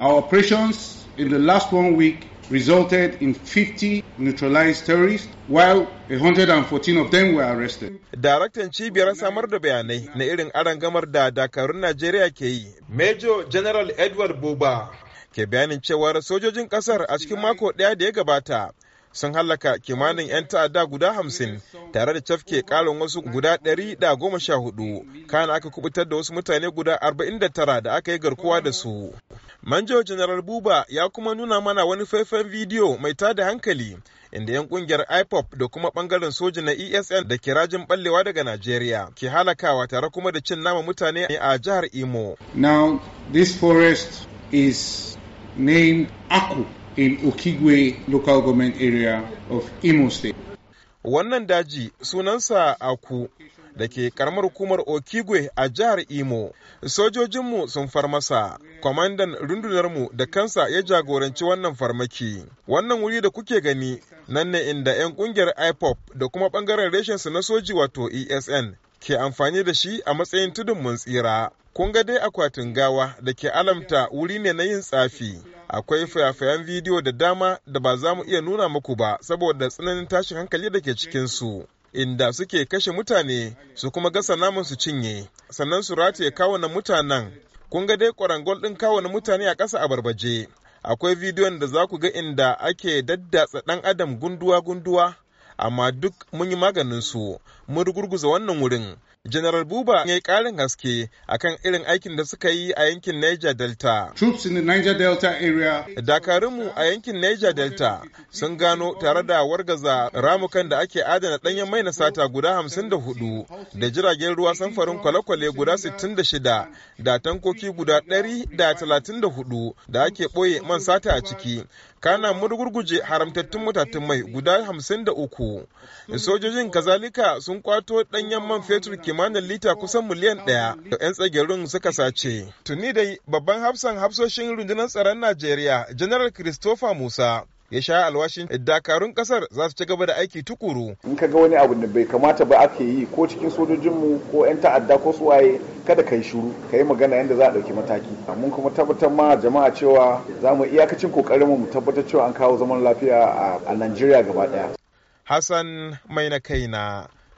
Our operations in the last one week resulted in 50 neutralized terrorists while 114 of them were arrested. Daraktan cibiyar samar da bayanai na irin arangamar da dakarun Najeriya ke yi. Major General Edward Buba ke bayanin cewar sojojin kasar a cikin mako ɗaya da ya gabata sun hallaka kimanin 'yan ta'adda guda hamsin tare da cafke ƙarin wasu guda ɗari da goma sha hudu kana aka kubutar da wasu mutane guda arba'in da tara da aka yi garkuwa da su. Manjo General Buba ya kuma nuna mana wani faifan bidiyo mai tada hankali inda 'yan kungiyar IPOP da kuma bangaren soja na ESN da ke rajin ballewa daga Najeriya ke halakawa tare kuma da cin nama mutane a jihar Imo. Now, this forest is named Aku in Okigwe local government area of Imo state. Wannan daji sunansa Aku da ke karamar hukumar Okigwe a jihar Imo. Sojojinmu sun far masa, kwamandan rundunarmu da kansa ya jagoranci wannan farmaki. Wannan wuri da kuke gani nan ne inda 'yan kungiyar IPOP da kuma bangaren reshensu na soji wato ESN ke amfani da shi a matsayin tudun mun tsira. Kun ga dai akwatin gawa da ke alamta wuri ne na yin tsafi. akwai fayafayan bidiyo da dama da ba za mu iya nuna muku ba saboda tsananin tashin hankali da ke cikinsu inda suke kashe mutane su kuma gasa naman su cinye sannan su rataye kawunan mutanen kun ga dai kwarangol ɗin kawunan mutane a ƙasa a barbaje akwai bidiyon da za ku ga inda ake daddatsa ɗan adam gunduwa-gunduwa amma duk mun yi maganin su mun rugurguza wannan wurin General Buba ya yi ƙarin haske akan irin aikin da suka yi a yankin Niger Delta. Troops in the Niger Delta area. Dakarunmu a yankin Niger Delta sun gano tare da wargaza ramukan da ake adana ɗanyen mai na sata guda hamsin da hudu da jiragen ruwa samfarin kwale-kwale guda sittin da shida da tankoki guda ɗari da talatin da hudu da ake ɓoye man sata a ciki. Kana murgurguje haramtattun mutattun mai guda hamsin da uku. Sojojin kazalika sun kwato ɗanyen man fetur ke kimanin lita kusan miliyan ɗaya da 'yan tsagerun suka sace. Tuni dai babban hafsan hafsoshin rundunar tsaron Najeriya, General Christopher Musa, ya sha alwashin dakarun kasar za su ci gaba da aiki tukuru. In ka ga wani abu da bai kamata ba ake yi ko cikin sojojinmu ko 'yan ta'adda ko su waye kada ka yi shuru, ka yi magana yadda za a ɗauki mataki. Mun kuma tabbatar ma jama'a cewa za mu iyakacin ƙoƙarinmu mu tabbatar cewa an kawo zaman lafiya a Najeriya gaba ɗaya. Hassan mai na kaina